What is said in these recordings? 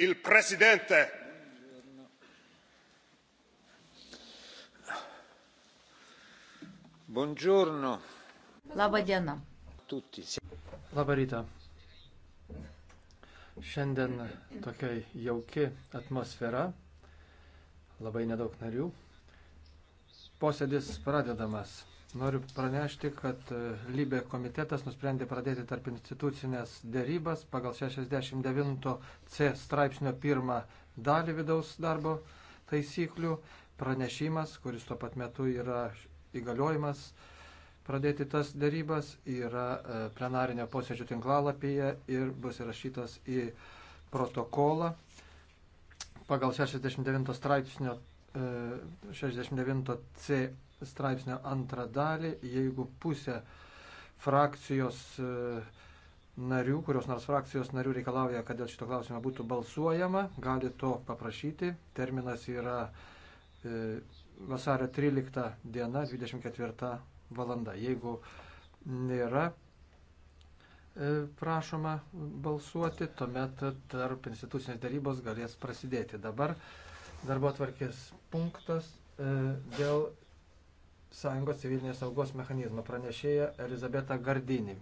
il presidente Buongiorno. Labą dieną. Tutti. Labą rytą. Šiandien tokia jauki atmosfera, labai nedaug narių. Posėdis pradedamas. Noriu pranešti, kad e, Libė komitetas nusprendė pradėti tarp institucinės dėrybas pagal 69C straipsnio pirmą dalį vidaus darbo taisyklių. Pranešimas, kuris tuo pat metu yra įgaliojimas pradėti tas dėrybas, yra e, plenarinio posėdžio tinklalapyje ir bus įrašytas į protokolą. Pagal 69 straipsnio 69C e, straipsnio antrą dalį, jeigu pusė frakcijos e, narių, kurios nors frakcijos narių reikalauja, kad dėl šito klausimo būtų balsuojama, gali to paprašyti. Terminas yra e, vasario 13 diena, 24 valanda. Jeigu nėra e, prašoma balsuoti, tuomet tarp institucinės darybos galės prasidėti. Dabar darbo atvarkės punktas dėl sąjungos civilinės saugos mechanizmą. Pranešėja Elizabeta Gardinį.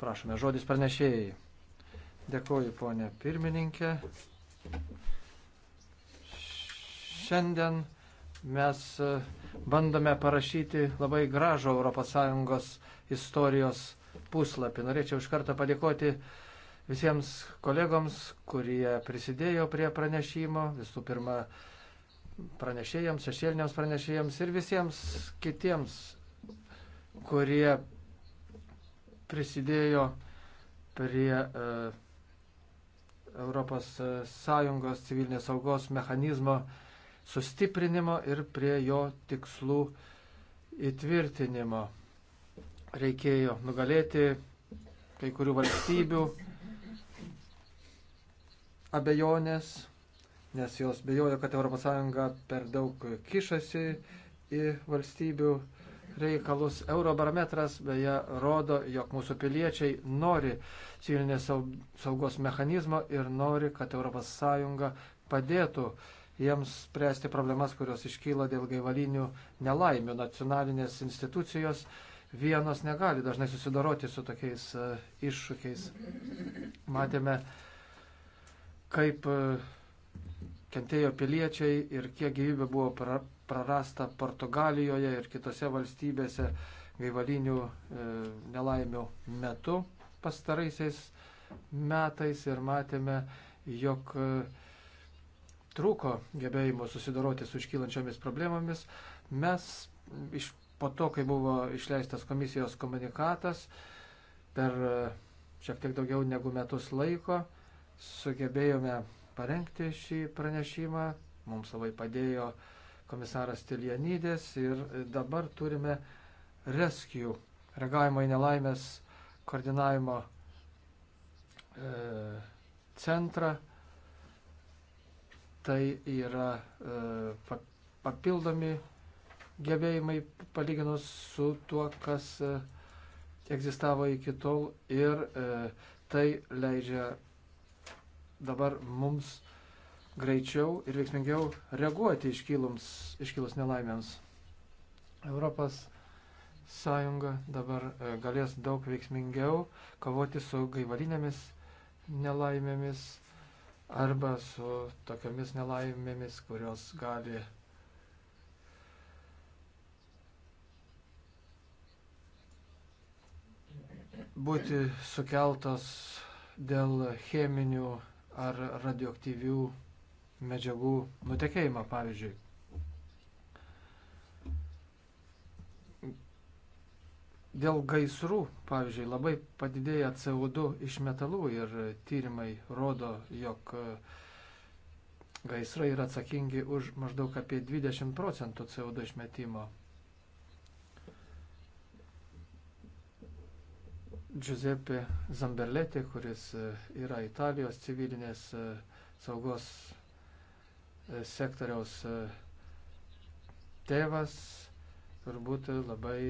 Prašome, žodis pranešėjai. Dėkuoju, ponė pirmininkė. Šiandien mes e, bandome parašyti labai gražų ES istorijos puslapį. Norėčiau iš karto padėkoti visiems kolegoms, kurie prisidėjo prie pranešimo. Visų pirma, pranešėjams, šešėliniams pranešėjams ir visiems kitiems, kurie prisidėjo prie ES civilinės saugos mechanizmo sustiprinimo ir prie jo tikslų įtvirtinimo. Reikėjo nugalėti kai kurių valstybių abejonės nes jos bijojo, kad ES per daug kišasi į valstybių reikalus. Eurobarometras beje rodo, jog mūsų piliečiai nori civilinės saugos mechanizmo ir nori, kad ES padėtų jiems spręsti problemas, kurios iškyla dėl gaivalinių nelaimių. Nacionalinės institucijos vienos negali dažnai susidoroti su tokiais e, iššūkiais. Matėme, kaip e, kentėjo piliečiai ir kiek gyvybė buvo prarasta Portugalijoje ir kitose valstybėse gaivalinių e, nelaimių metu pastaraisiais metais ir matėme, jog e, trūko gebėjimo susidoroti su iškylančiomis problemomis. Mes iš, po to, kai buvo išleistas komisijos komunikatas, per e, šiek tiek daugiau negu metus laiko sugebėjome parengti šį pranešimą. Mums labai padėjo komisaras Tilianydės ir dabar turime rescue, reagavimo į nelaimės koordinavimo e, centrą. Tai yra e, papildomi gebėjimai palyginus su tuo, kas e, egzistavo iki tol ir e, tai leidžia dabar mums greičiau ir veiksmingiau reaguoti iškilums, iškilus nelaimėms. Europos Sąjunga dabar e, galės daug veiksmingiau kovoti su gaivalinėmis nelaimėmis arba su tokiamis nelaimėmis, kurios gali būti sukeltos dėl cheminių ar radioaktyvių medžiagų nutekėjimą, pavyzdžiui. Dėl gaisrų, pavyzdžiui, labai padidėja CO2 iš metalų ir tyrimai rodo, jog e, gaisrai yra atsakingi už maždaug apie 20 procentų CO2 išmetimo. Giuseppe Zamberleti, kuris e, yra Italijos civilinės e, saugos e, sektoriaus tėvas, turbūt labai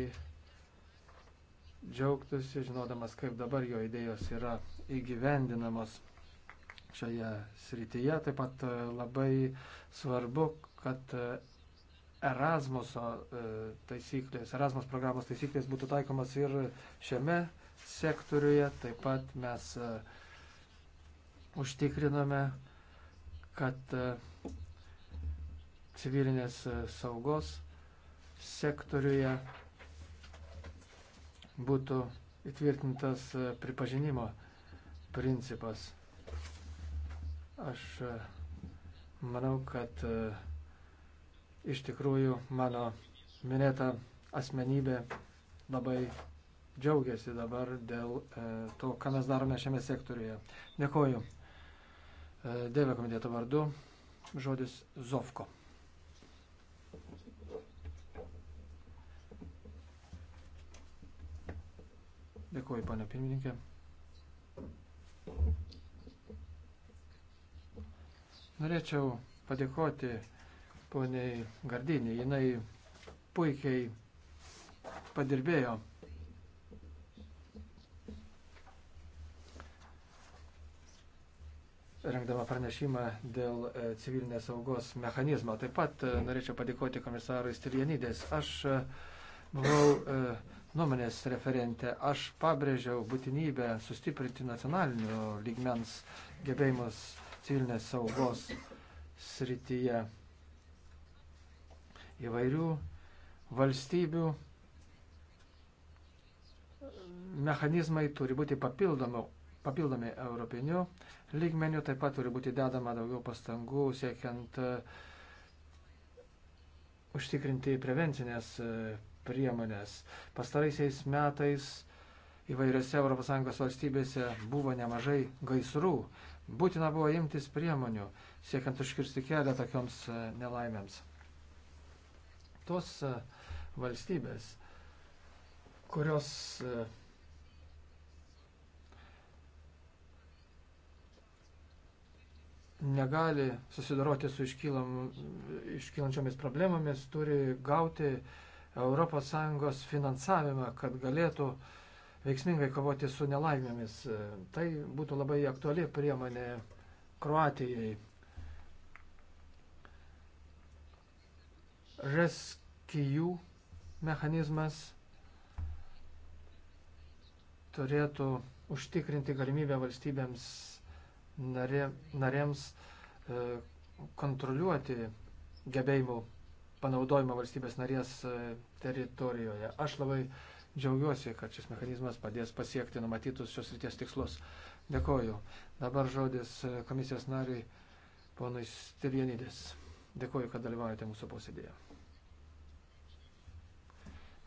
džiaugtųsi, žinodamas, kaip dabar jo idėjos yra įgyvendinamos šioje srityje. Taip pat labai svarbu, kad Erasmuso taisyklės, Erasmus programos taisyklės būtų taikomas ir šiame sektoriuje. Taip pat mes e, užtikriname, kad e, civilinės e, saugos sektoriuje būtų įtvirtintas pripažinimo principas. Aš manau, kad iš tikrųjų mano minėta asmenybė labai džiaugiasi dabar dėl e, to, ką mes darome šiame sektoriuje. Dėkoju. E, Dėvė komiteto vardu. Žodis Zovko. Dėkoju, pane pirmininkė. Norėčiau padėkoti poniai Gardinį. Jinai puikiai padirbėjo rengdama pranešimą dėl e, civilinės saugos mechanizmo. Taip pat e, norėčiau padėkoti komisarui Stilienydės. Aš e, buvau nuomonės referentė. Aš pabrėžiau būtinybę sustiprinti nacionalinių lygmens gebėjimus civilinės saugos srityje įvairių valstybių mechanizmai turi būti papildomi papildomi europiniu lygmeniu, taip pat turi būti dedama daugiau pastangų siekiant e, užtikrinti prevencinės e, priemonės. Pastaraisiais metais įvairiose ES valstybėse buvo nemažai gaisrų. Būtina buvo imtis priemonių, siekiant užkirsti kelią tokioms e, nelaimėms. Tos valstybės, kurios negali susidoroti su iškylam, iškylančiomis problemomis, turi gauti ES finansavimą, kad galėtų veiksmingai kovoti su nelaimėmis. Tai būtų labai aktuali priemonė Kroatijai. Reskijų mechanizmas turėtų užtikrinti galimybę valstybėms narė, narėms e, kontroliuoti gebėjimų panaudojimą valstybės narės e, teritorijoje. Aš labai džiaugiuosi, kad šis mechanizmas padės pasiekti numatytus šios ryties tikslus. Dėkoju. Dabar žodis e, komisijos nariui ponui Stilienidis. Dėkoju, kad dalyvaujate mūsų posėdėje.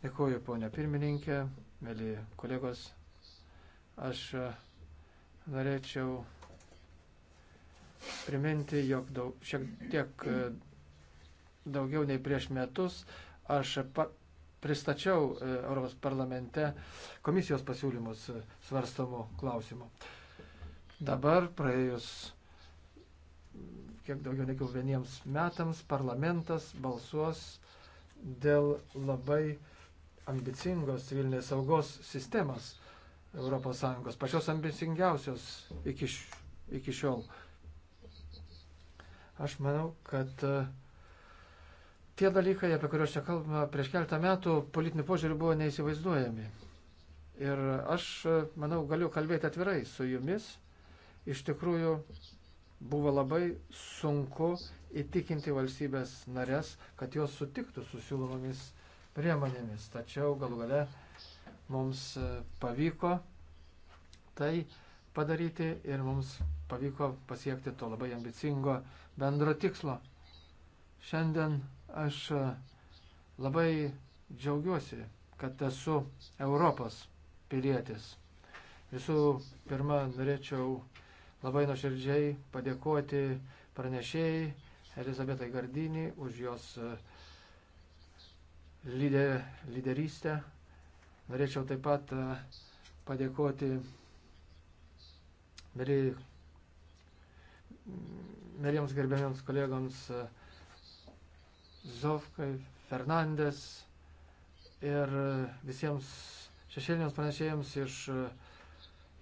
Dėkoju, ponia pirmininkė, mėly kolegos. Aš e, norėčiau priminti, jog daug, šiek tiek e, daugiau nei prieš metus aš pa, pristačiau e, Europos parlamente komisijos pasiūlymus e, svarstamų klausimų. Dabar praėjus kiek daugiau negu vieniems metams parlamentas balsuos dėl labai ambicingos civilinės saugos sistemos ES, pačios ambicingiausios iki, iki šiol. Aš manau, kad e, tie dalykai, apie kuriuos čia kalbame, prieš keletą metų politinių požiūrių buvo neįsivaizduojami. Ir aš, e, manau, galiu kalbėti atvirai su jumis. Iš tikrųjų, buvo labai sunku įtikinti valstybės narės, kad jos sutiktų su siūlomomis priemonėmis. Tačiau galų gale mums e, pavyko tai padaryti ir mums pavyko pasiekti to labai ambicingo bendro tikslo. Šiandien aš e, labai džiaugiuosi, kad esu Europos pilietis. Visų pirma, norėčiau labai nuoširdžiai padėkoti pranešėjai Elizabetai Gardinį už jos e, lyder, lyderystę. Norėčiau taip pat e, padėkoti, mėly mėlyms gerbėmiams kolegoms Zovkai, Fernandes ir visiems šešėliniams pranešėjams iš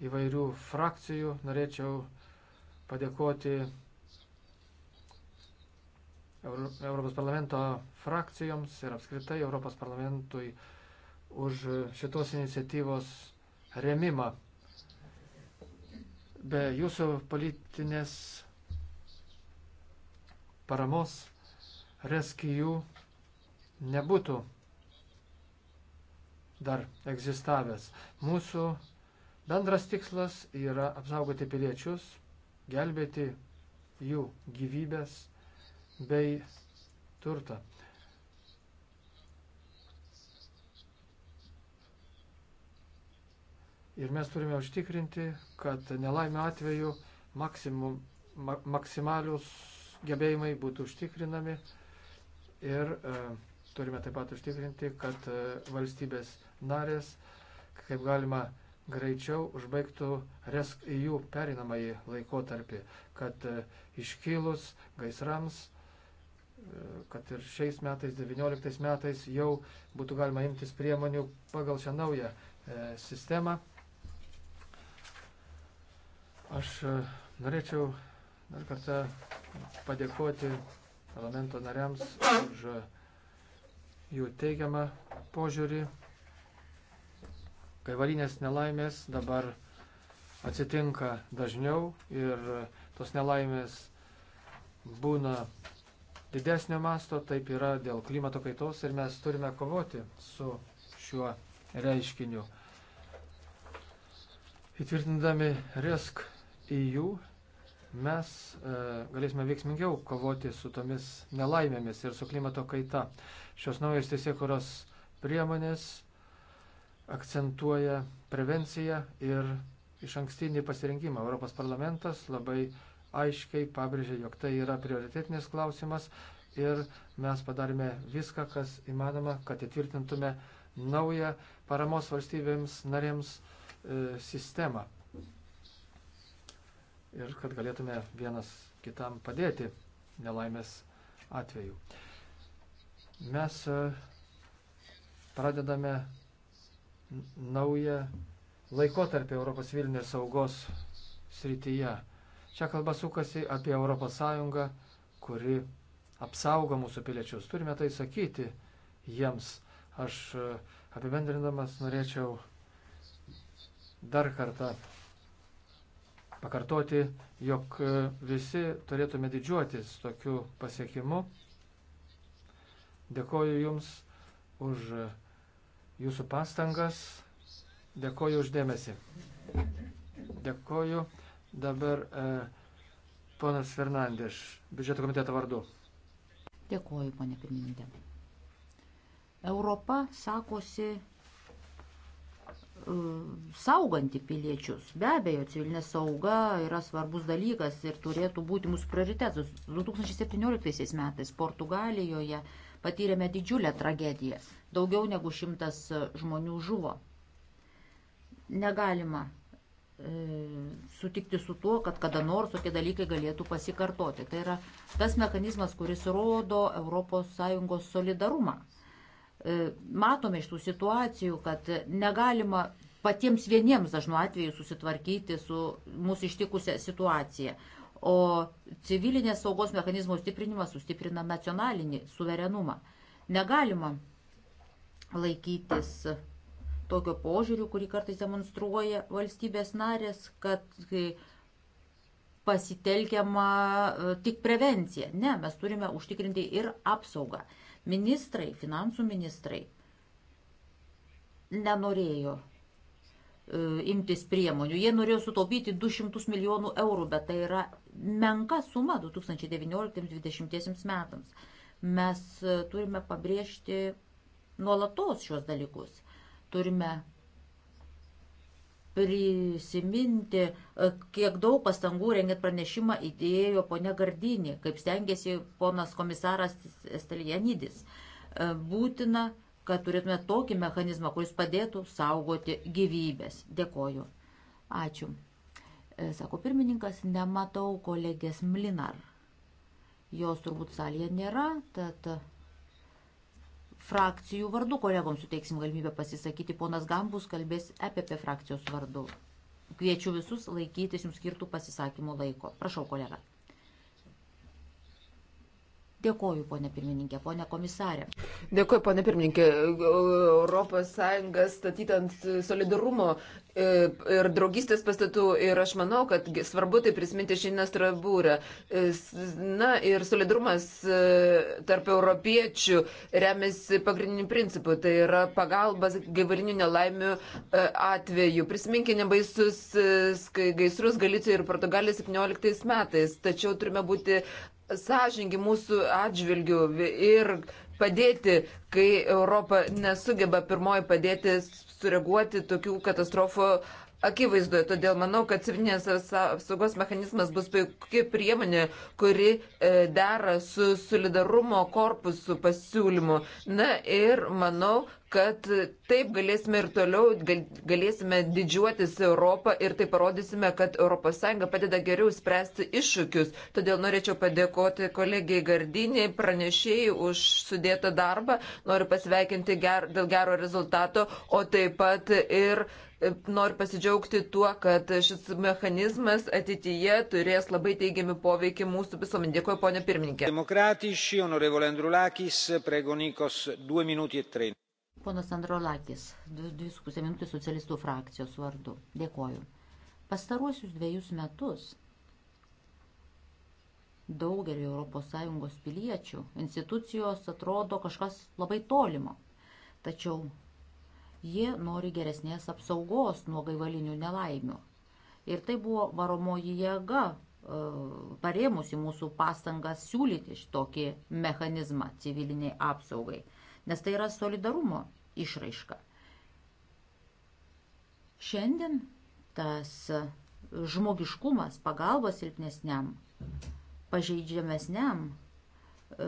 įvairių frakcijų norėčiau padėkoti Europos parlamento frakcijoms ir apskritai Europos parlamentui už šitos iniciatyvos remimą. Be jūsų politinės paramos reskijų nebūtų dar egzistavęs. Mūsų bendras tikslas yra apsaugoti piliečius, gelbėti jų gyvybės bei turtą. Ir mes turime užtikrinti, kad nelaimio atveju maksimum, ma, maksimalius gebėjimai būtų užtikrinami ir e, turime taip pat užtikrinti, kad e, valstybės narės kaip galima greičiau užbaigtų RESC-EU perinamąjį laikotarpį, kad e, iškylus gaisrams, e, kad ir šiais metais, 19 metais jau būtų galima imtis priemonių pagal šią naują e, sistemą. Aš e, norėčiau dar kartą padėkoti parlamento nariams už jų teigiamą požiūrį. Kaivalinės nelaimės dabar atsitinka dažniau ir tos nelaimės būna didesnio masto, taip yra dėl klimato kaitos ir mes turime kovoti su šiuo reiškiniu. Įtvirtindami risk EU mes e, galėsime veiksmingiau kovoti su tomis nelaimėmis ir su klimato kaita. Šios naujos tiesiekuros priemonės akcentuoja prevenciją ir iš ankstinį pasirinkimą. Europos parlamentas labai aiškiai pabrėžė, jog tai yra prioritetinis klausimas ir mes padarėme viską, kas įmanoma, kad įtvirtintume naują paramos valstybėms narėms e, sistemą ir kad galėtume vienas kitam padėti nelaimės atveju. Mes e, pradedame naują laikotarpį Europos civilinės saugos srityje. Čia kalba sukasi apie ES, kuri apsaugo mūsų piliečius. Turime tai sakyti jiems. Aš e, apibendrinamas norėčiau dar kartą pakartoti, jog e, visi turėtume didžiuotis tokiu pasiekimu. Dėkoju Jums už Jūsų pastangas. Dėkoju uždėmesi. Dėkoju. Dabar e, ponas Fernandės, biudžeto komiteto vardu. Dėkoju, ponė pirmininkė. Europa sakosi sauganti piliečius. Be abejo, civilinė sauga yra svarbus dalykas ir turėtų būti mūsų prioritetas. 2017 metais Portugalijoje patyrėme didžiulę tragediją. Daugiau negu šimtas žmonių žuvo. Negalima e, sutikti su tuo, kad kada nors tokie dalykai galėtų pasikartoti. Tai yra tas mechanizmas, kuris rodo ES solidarumą E, matome iš tų situacijų, kad negalima patiems vieniems dažnu atveju susitvarkyti su mūsų ištikusią situaciją. O civilinės saugos mechanizmų stiprinimas sustiprina nacionalinį suverenumą. Negalima laikytis tokio požiūrių, kurį kartais demonstruoja valstybės narės, kad pasitelkiama e, tik prevencija. Ne, mes turime užtikrinti ir apsaugą. Ministrai, finansų ministrai nenorėjo e, imtis priemonių. Jie norėjo sutaupyti 200 milijonų eurų, bet tai yra menka suma 2019-2020 metams. Mes e, turime pabrėžti nuolatos šios dalykus. Turime prisiminti, e, kiek daug pastangų rengiant pranešimą įdėjo ponia Gardinį, kaip stengiasi ponas komisaras Estelijanidis. E, būtina, kad turėtume tokį mechanizmą, kuris padėtų saugoti gyvybės. Dėkoju. Ačiū. E, sako pirmininkas, nematau kolegės Mlinar. Jos turbūt salėje nėra, tad. Tad frakcijų vardu. Kolegoms suteiksim galimybę pasisakyti. Ponas Gambus kalbės EPP frakcijos vardu. Kviečiu visus laikytis jums skirtų pasisakymų laiko. Prašau, kolega. Dėkoju, ponė pirmininkė, ponė komisarė. Dėkoju, ponė pirmininkė. ES statyt ant solidarumo e, ir draugystės pastatų ir aš manau, kad svarbu tai prisiminti šiandien Strasbūrę. E, na ir solidarumas e, tarp europiečių remiasi pagrindiniu principu, tai yra pagalbas gyvarinių nelaimių atveju. Prisiminkime baisus gaisrus Galicijoje ir Portugalijoje 17 metais, tačiau turime būti sąžingi mūsų atžvilgių ir padėti, kai Europa nesugeba pirmoji padėti sureaguoti tokių katastrofų akivaizdoje. Todėl manau, kad civilinės apsaugos mechanizmas bus puikia priemonė, kuri e, dera su solidarumo korpusu pasiūlymu. Na ir manau, kad taip galėsime ir toliau, galėsime didžiuotis Europą ir taip parodysime, kad ES padeda geriau spręsti iššūkius. Todėl norėčiau padėkoti kolegijai Gardiniai, pranešėjai už sudėtą darbą, noriu pasveikinti ger, dėl gero rezultato, o taip pat ir e, noriu pasidžiaugti tuo, kad šis mechanizmas ateityje turės labai teigiami poveikį mūsų visuomenė. Dėkuoju, ponė pirmininkė. Demokratiški, honorevole Andrulakis, prego Nikos, 2 minutį ir 3. Ponas Androlakis, 2,5 minutės socialistų frakcijos vardu. Dėkoju. Pastaruosius dviejus metus daugeliu ES piliečių institucijos atrodo kažkas labai tolimo. Tačiau jie nori geresnės apsaugos nuo gaivalinių nelaimių. Ir tai buvo varomoji jėga e, parėmusi mūsų pastangas siūlyti šitokį mechanizmą civiliniai apsaugai nes tai yra solidarumo išraiška. Šiandien tas žmogiškumas, pagalba silpnesniam, pažeidžiamesniam e,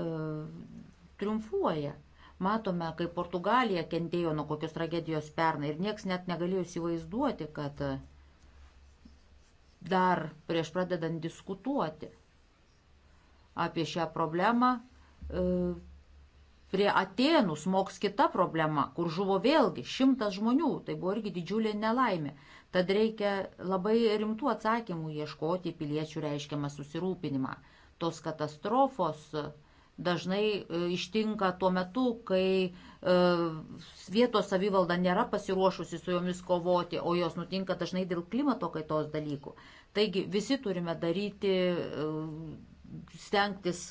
triumfuoja. Matome, kaip Portugalija kentėjo nuo kokios tragedijos pernai ir nieks net negalėjo įsivaizduoti, kad dar prieš pradedant diskutuoti apie šią problemą e, Prie Atenų smoks kita problema, kur žuvo vėlgi šimtas žmonių, tai buvo irgi didžiulė nelaimė. Tad reikia labai rimtų atsakymų ieškoti piliečių reiškiamą susirūpinimą. Tos katastrofos e, dažnai e, ištinka tuo metu, kai e, vietos savivalda nėra pasiruošusi su jomis kovoti, o jos nutinka dažnai dėl klimato kaitos dalykų. Taigi visi turime daryti, stengtis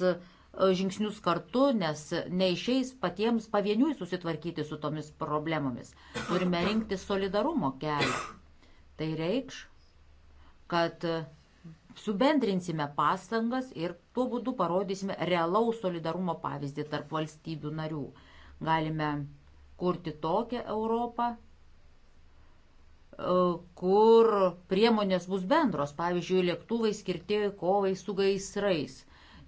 žingsnius kartu, nes neišeis patiems pavieniui susitvarkyti su tomis problemomis. Turime rinkti solidarumo kelią. Tai reikš, kad subendrinsime pastangas ir tuo būdu parodysime realaus solidarumo pavyzdį tarp valstybių narių. Galime kurti tokią Europą, e, kur priemonės bus bendros, pavyzdžiui, lėktuvai skirti kovai su gaisrais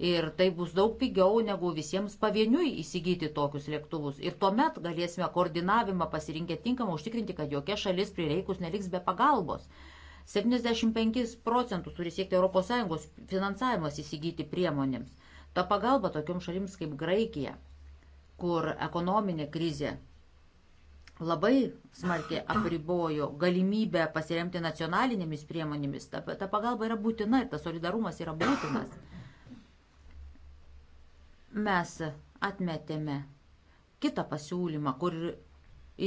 ir tai bus daug pigiau negu visiems pavieniui įsigyti tokius lėktuvus. Ir tuomet galėsime koordinavimą pasirinkę tinkamą užtikrinti, kad jokia šalis prireikus neliks be pagalbos. 75 procentus turi siekti ES finansavimas įsigyti priemonėms. Ta pagalba tokiom šalims kaip Graikija, kur ekonominė krizė labai smarkiai apribojo galimybę pasiremti nacionalinėmis priemonėmis. Ta, ta pagalba yra būtina ir tas solidarumas yra būtinas mes atmetėme kitą pasiūlymą, kur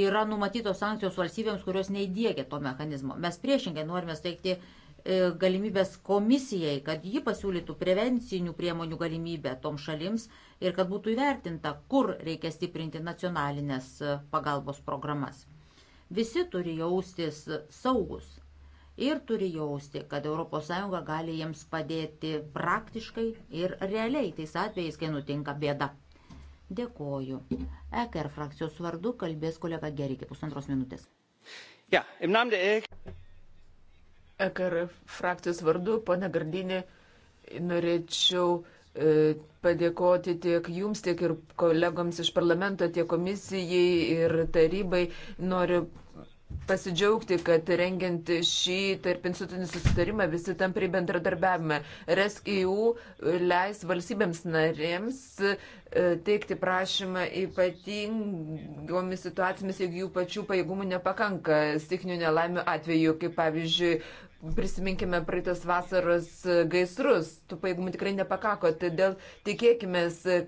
yra numatytos sankcijos valstybėms, kurios neįdėgė to mechanizmo. Mes priešingai norime steigti e, galimybės komisijai, kad ji pasiūlytų prevencinių priemonių galimybę tom šalims ir kad būtų įvertinta, kur reikia stiprinti nacionalinės e, pagalbos programas. Visi turi jaustis saugus ir turi jausti, kad ES gali jiems padėti praktiškai ir realiai tais atvejais, kai nutinka bėda. Dėkoju. EKR frakcijos vardu kalbės kolega Gerikė pusantros minutės. Ja, EKR frakcijos vardu, pana Gardinė, norėčiau e, padėkoti tiek jums, tiek ir kolegoms iš parlamento, tiek komisijai ir tarybai. Noriu pasidžiaugti, kad rengiant šį tarp institucinį susitarimą visi tampri bendradarbiavime. RESQ leis valstybėms narėms e, teikti prašymą ypatingomis situacijomis, jeigu jų pačių pajėgumų nepakanka stiknių nelaimių atveju, kaip pavyzdžiui Prisiminkime praeitos vasaros e, gaisrus, tų pajėgumų tikrai nepakako, todėl tikėkime,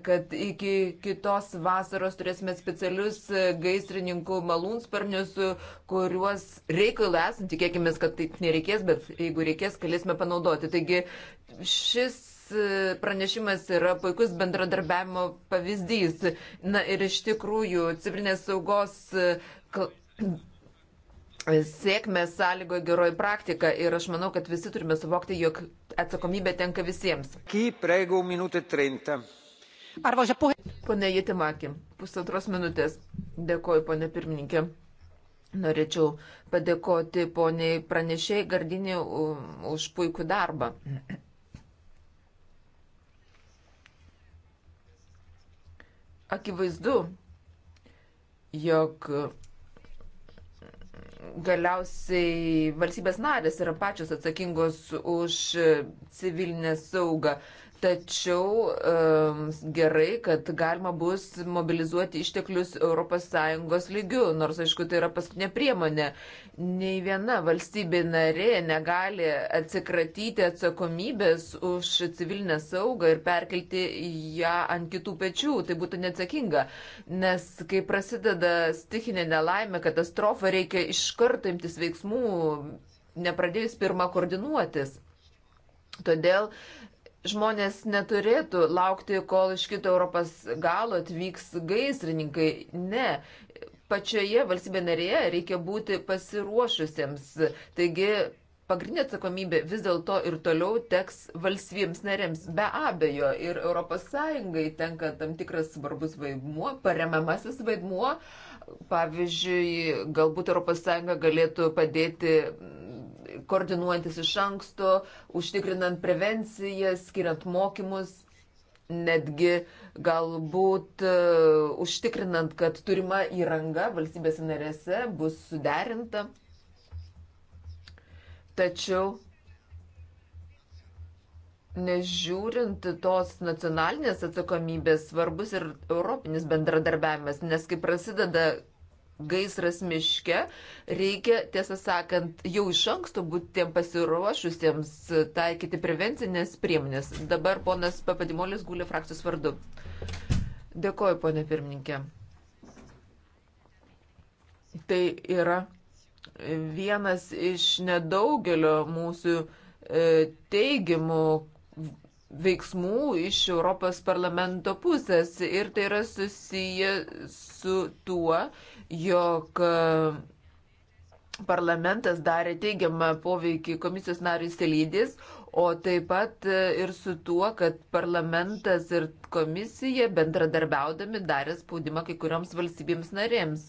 kad iki kitos vasaros turėsime specialius e, gaisrininkų malūnsparnius, e, kuriuos reikalui esant, tikėkime, kad taip nereikės, bet jeigu reikės, galėsime panaudoti. Taigi šis pranešimas yra puikus bendradarbiavimo pavyzdys. Na ir iš tikrųjų, civilinės saugos sėkmės sąlygoje geroji praktika ir aš manau, kad visi turime suvokti, jog atsakomybė tenka visiems. Arvoisa puhemies. Pone Jėtimaki, pusantros minutės. Dėkoju, pone pirmininkė. Norėčiau padėkoti poniai pranešėjai Gardinį už puikų darbą. Akivaizdu, jog galiausiai valstybės narės yra pačios atsakingos už civilinę saugą. Tačiau um, gerai, kad galima bus mobilizuoti išteklius ES lygių, nors aišku, tai yra paskutinė priemonė. Nei viena valstybė narė negali atsikratyti atsakomybės už civilinę saugą ir perkelti ją ant kitų pečių. Tai būtų neatsakinga, nes kai prasideda stikinė nelaimė, katastrofa, reikia iš karto imtis veiksmų, nepradėjus pirmą koordinuotis. Todėl žmonės neturėtų laukti, kol iš kito Europos galo atvyks gaisrininkai. Ne. Pačioje valstybė narėje reikia būti pasiruošusiems. Taigi pagrindinė atsakomybė vis dėlto ir toliau teks valstybėms narėms. Be abejo, ir ES tenka tam tikras svarbus vaidmuo, paremiamasis vaidmuo. Pavyzdžiui, galbūt ES galėtų padėti koordinuojantis iš anksto, užtikrinant prevenciją, skiriant mokymus, netgi galbūt e, užtikrinant, kad turima įranga valstybės narėse bus suderinta. Tačiau nežiūrint tos nacionalinės atsakomybės, svarbus ir europinis bendradarbiavimas, nes kai prasideda gaisras miške, reikia, tiesą sakant, jau iš anksto būti tiem pasiruošusiems taikyti prevencinės priemonės. Dabar ponas Papadimolis gulė frakcijos vardu. Dėkoju, ponė pirmininkė. Tai yra vienas iš nedaugelio mūsų e, teigiamų veiksmų iš Europos parlamento pusės ir tai yra susiję su tuo, jog e, parlamentas darė teigiamą poveikį komisijos nariui Selydis, o taip pat e, ir su tuo, kad parlamentas ir komisija bendradarbiaudami darė spaudimą kai kurioms valstybėms narėms.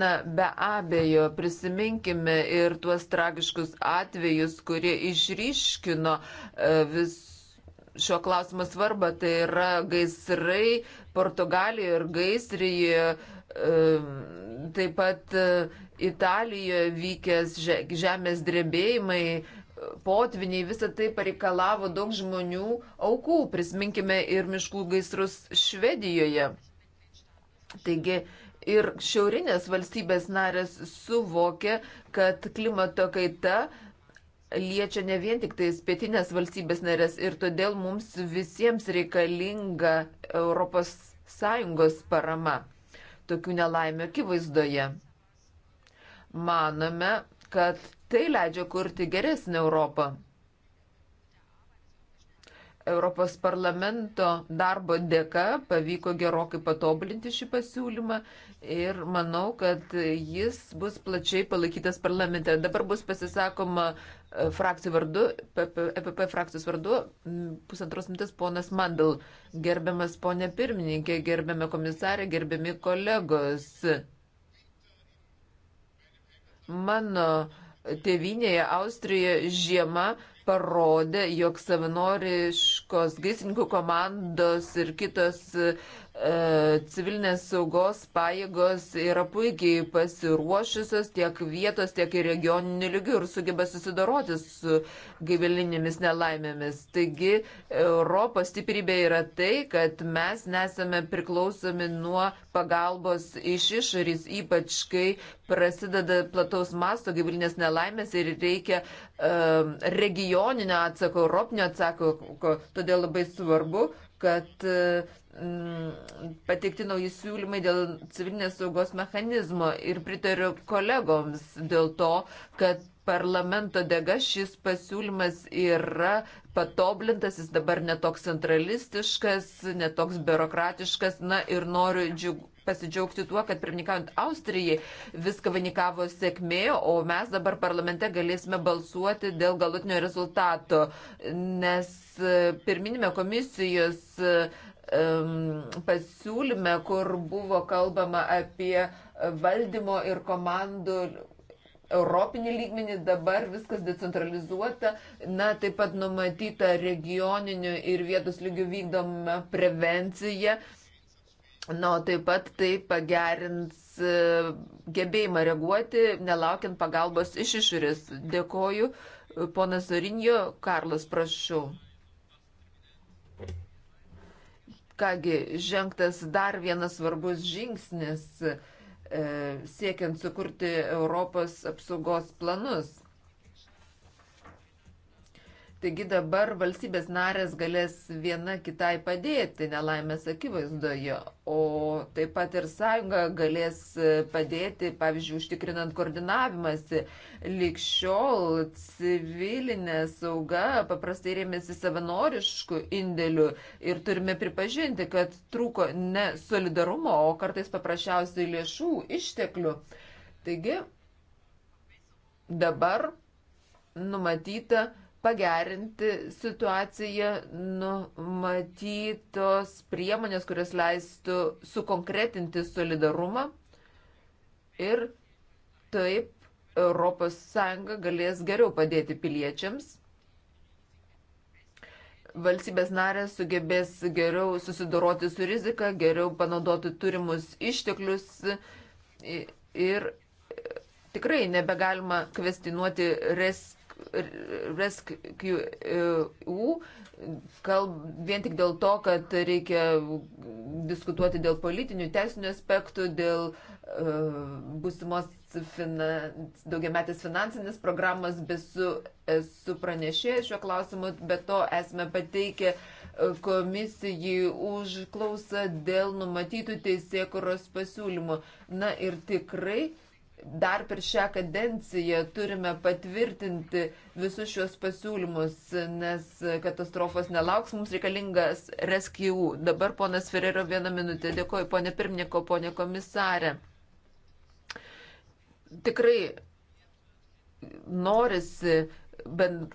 Na, be abejo, prisiminkime ir tuos tragiškus atvejus, kurie išryškino e, vis šio klausimo svarbą, tai yra gaisrai Portugalijoje ir gaisrijoje, taip pat e, Italijoje vykęs žemės drebėjimai, potviniai, visą tai pareikalavo daug žmonių aukų, prisiminkime ir miškų gaisrus Švedijoje. Taigi ir šiaurinės valstybės narės suvokė, kad klimato kaita uh, liečia ne vien tik tais pietinės valstybės narės ir todėl mums visiems reikalinga ES parama tokių nelaimė akivaizdoje. Manome, kad tai leidžia kurti geresnę Europą. Europos parlamento darbo dėka pavyko gerokai patobulinti šį pasiūlymą ir manau, kad jis bus plačiai palaikytas parlamente. Dabar bus pasisakoma frakcijų vardu, EPP e frakcijos vardu, pusantros mintis ponas Mandal. Gerbiamas ponė pirmininkė, gerbiame komisarė, gerbiami kolegos. Mano tėvinėje Austrijoje žiema parodė, jog savanoriškos gaisininkų komandos ir kitos E, civilinės saugos pajėgos yra puikiai pasiruošusios tiek vietos, tiek ir regioninių lygių ir sugeba susidoroti su gyvelinėmis nelaimėmis. Taigi Europos stiprybė yra tai, kad mes nesame priklausomi nuo pagalbos iš išorės, ypač kai prasideda plataus masto gyvulinės nelaimės ir reikia um, regioninio atsako, europinio atsako, todėl labai svarbu, kad uh, Mm, pateikti nauji siūlymai dėl civilinės saugos mechanizmo ir pritariu kolegoms dėl to, kad parlamento dega šis pasiūlymas yra patoblintas, jis dabar netoks centralistiškas, netoks biurokratiškas, na ir noriu džiugu pasidžiaugti tuo, kad pirmininkaujant Austrijai viską vainikavo sėkmė, o mes dabar parlamente galėsime balsuoti dėl galutinio rezultato, nes e, pirminime komisijos e, pasiūlyme, kur buvo kalbama apie valdymo ir komandų europinį lygmenį, dabar viskas decentralizuota, na, taip pat numatyta regioninių ir vietos lygių vykdoma prevencija, na, o taip pat tai pagerins e, gebėjimą reaguoti, nelaukiant pagalbos iš išorės. Dėkoju, ponas Rinjo, Karlas, prašau. Kągi, žengtas dar vienas svarbus žingsnis e, siekiant sukurti Europos apsaugos planus. Taigi dabar valstybės narės galės viena kitai padėti nelaimės akivaizdoje, o taip pat ir sąjunga galės padėti, pavyzdžiui, užtikrinant koordinavimąsi. Lik šiol civilinė sauga paprastai rėmėsi savanoriškų indėlių ir turime pripažinti, kad trūko ne solidarumo, o kartais paprasčiausiai lėšų išteklių. Taigi dabar numatyta, pagerinti situaciją numatytos priemonės, kurios leistų sukonkretinti solidarumą ir taip ES galės geriau padėti piliečiams. Valstybės narės sugebės geriau susidoroti su rizika, geriau panaudoti turimus išteklius ir tikrai nebegalima kvestinuoti res RescueU, vien tik dėl to, kad reikia diskutuoti dėl politinių, teisinių aspektų, dėl uh, būsimos finans, daugiametės finansinės programos, bet su, su pranešė šiuo klausimu, bet to esame pateikę e, komisijai užklausą dėl numatytų teisėkuros pasiūlymų. Na ir tikrai dar per šią kadenciją turime patvirtinti visus šios pasiūlymus, nes katastrofos nelauks, mums reikalingas rescue. Dabar ponas Ferrero vieną minutę. Dėkoju, ponė pirmininko, ponė komisarė. Tikrai norisi bent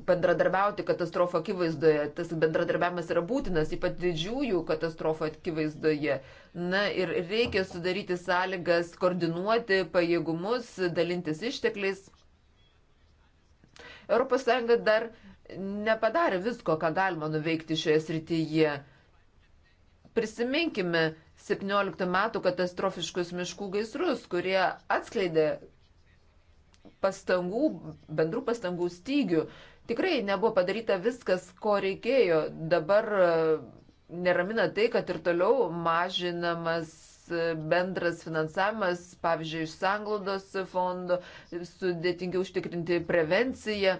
bendradarbiauti katastrofo akivaizdoje. Tas bendradarbiavimas yra būtinas, ypač didžiųjų katastrofo akivaizdoje. Na ir reikia sudaryti sąlygas, koordinuoti pajėgumus, dalintis ištekliais. ES dar nepadarė visko, ką galima nuveikti šioje srityje. Prisiminkime 17 metų katastrofiškus miškų gaisrus, kurie atskleidė pastangų, bendrų pastangų stygių. Tikrai nebuvo padaryta viskas, ko reikėjo. Dabar e, neramina tai, kad ir toliau mažinamas e, bendras finansavimas, pavyzdžiui, iš sanglaudos fondo, sudėtingiau užtikrinti prevenciją.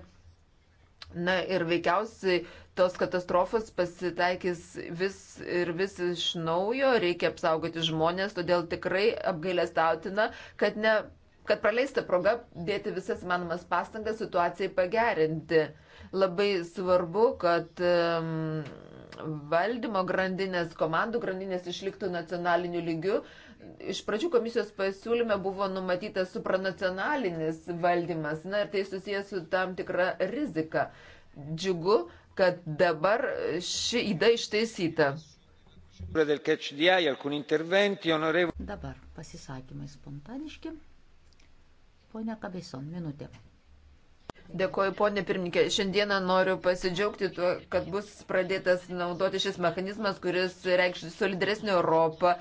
Na ir veikiausiai tos katastrofos pasitaikys vis ir vis iš naujo, reikia apsaugoti žmonės, todėl tikrai apgailestautina, kad ne kad praleista proga dėti visas manomas pastangas situacijai pagerinti. Labai svarbu, kad valdymo grandinės, komandų grandinės išliktų nacionaliniu lygiu. Iš pradžių komisijos pasiūlyme buvo numatytas supranacionalinis valdymas, na ir tai susijęs su tam tikra rizika. Džiugu, kad dabar ši įda ištaisyta. Dabar pasisakymai spontaniški. Pone Kabeson, minutė. Dėkoju, ponė pirmininkė. Šiandieną noriu pasidžiaugti tuo, kad bus pradėtas naudoti šis mechanizmas, kuris reikštų solidaresnį Europą.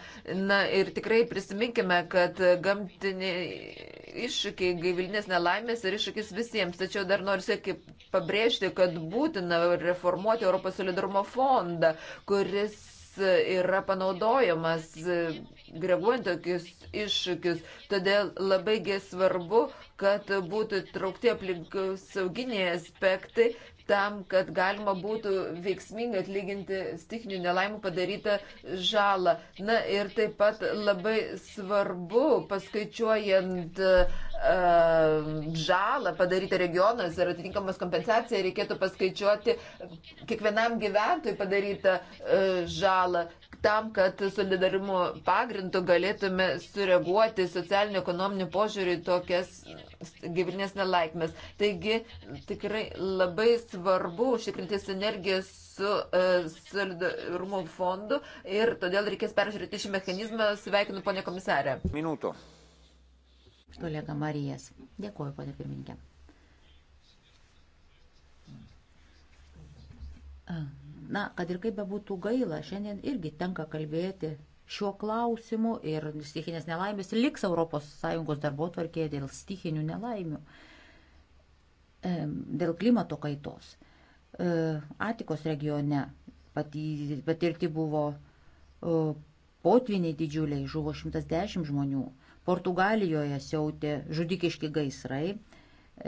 Na ir tikrai prisiminkime, kad gamtiniai iššūkiai, gaivilinės nelaimės ir iššūkis visiems. Tačiau dar noriu sėki pabrėžti, kad būtina reformuoti Europos solidarumo fondą, kuris yra panaudojamas greguojant tokius iššūkius. Todėl labai svarbu, kad būtų traukti aplinkos sauginiai aspektai tam, kad galima būtų veiksmingai atlyginti stichinių nelaimų padarytą žalą. Na ir taip pat labai svarbu paskaičiuojant uh, žalą padarytą regionas ir atitinkamas kompensacija reikėtų paskaičiuoti kiekvienam gyventojui padarytą uh, žalą tam, kad solidarimo pagrindu galėtume sureaguoti socialinio ekonominio požiūrį tokias gyvinės nelaikmes. Taigi tikrai labai svarbu užtikrinti sinergiją su uh, solidarumo fondu ir todėl reikės peržiūrėti šį mechanizmą. Sveikinu, ponė komisarė. Minuto. Kolega Marijas. Dėkuoju, ponė pirmininkė. Uh. Na, kad ir kaip bebūtų gaila, šiandien irgi tenka kalbėti šiuo klausimu ir stichinės nelaimės liks ES darbo tvarkėje dėl stichinių nelaimių, dėl klimato kaitos. E, Atikos regione patirti buvo e, potviniai didžiuliai, žuvo 110 žmonių. Portugalijoje siautė žudikiški gaisrai,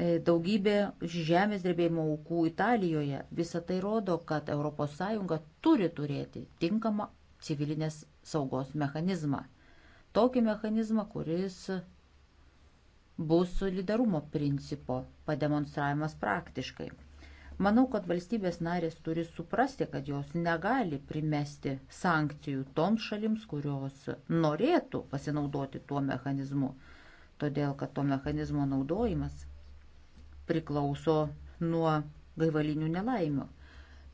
E, daugybė žemės drebėjimo aukų Italijoje. Visą tai rodo, kad ES turi turėti tinkamą civilinės saugos mechanizmą. Tokį mechanizmą, kuris bus solidarumo principo pademonstravimas praktiškai. Manau, kad valstybės narės turi suprasti, kad jos negali primesti sankcijų toms šalims, kurios norėtų pasinaudoti tuo mechanizmu, todėl kad to mechanizmo naudojimas priklauso nuo gaivalinių nelaimių.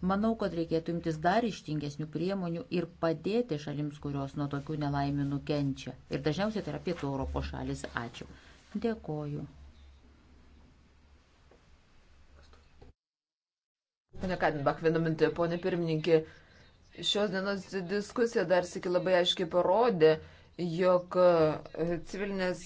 Manau, kad reikėtų imtis dar ištingesnių priemonių ir padėti šalims, kurios nuo tokių nelaimių nukenčia. Ir dažniausiai tai yra pietų Europos šalis. Ačiū. Dėkoju. Pane Kadinbach, vieną mintį, ponė pirmininkė, šios dienos diskusija dar sėki labai aiškiai parodė, jog civilinės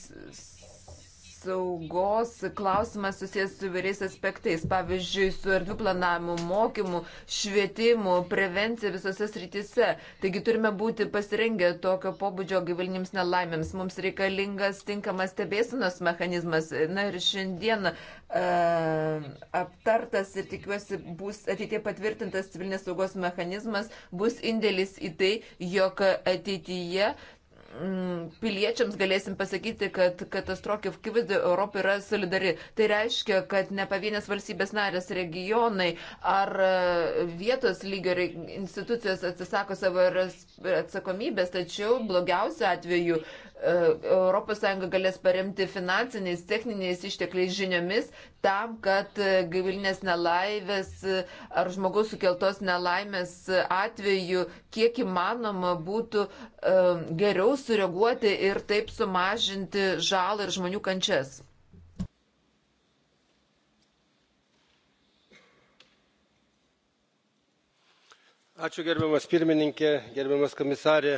saugos klausimas susijęs su įvairiais aspektais, pavyzdžiui, su erdvių planavimu, mokymu, švietimu, prevencija visose srityse. Taigi turime būti pasirengę tokio pobūdžio gyvulinėms nelaimėms. Mums reikalingas tinkamas stebėsinos mechanizmas. Na ir šiandien uh, aptartas ir tikiuosi bus ateitie patvirtintas civilinės saugos mechanizmas, bus indėlis į tai, jog ateityje Mm, piliečiams galėsim pasakyti, kad katastrofė akivaizdu Europa yra solidari. Tai reiškia, kad ne pavienės valstybės narės regionai ar e, vietos lygio institucijos atsisako savo atsakomybės, tačiau blogiausiu atveju ES galės paremti finansiniais, techniniais ištekliais žiniomis tam, kad e, gyvilinės nelaimės e, ar žmogaus sukeltos nelaimės atveju kiek įmanoma būtų e, geriau sureaguoti ir taip sumažinti žalą ir žmonių kančias. ačiū gerbiamas pirmininke gerbiamas komisare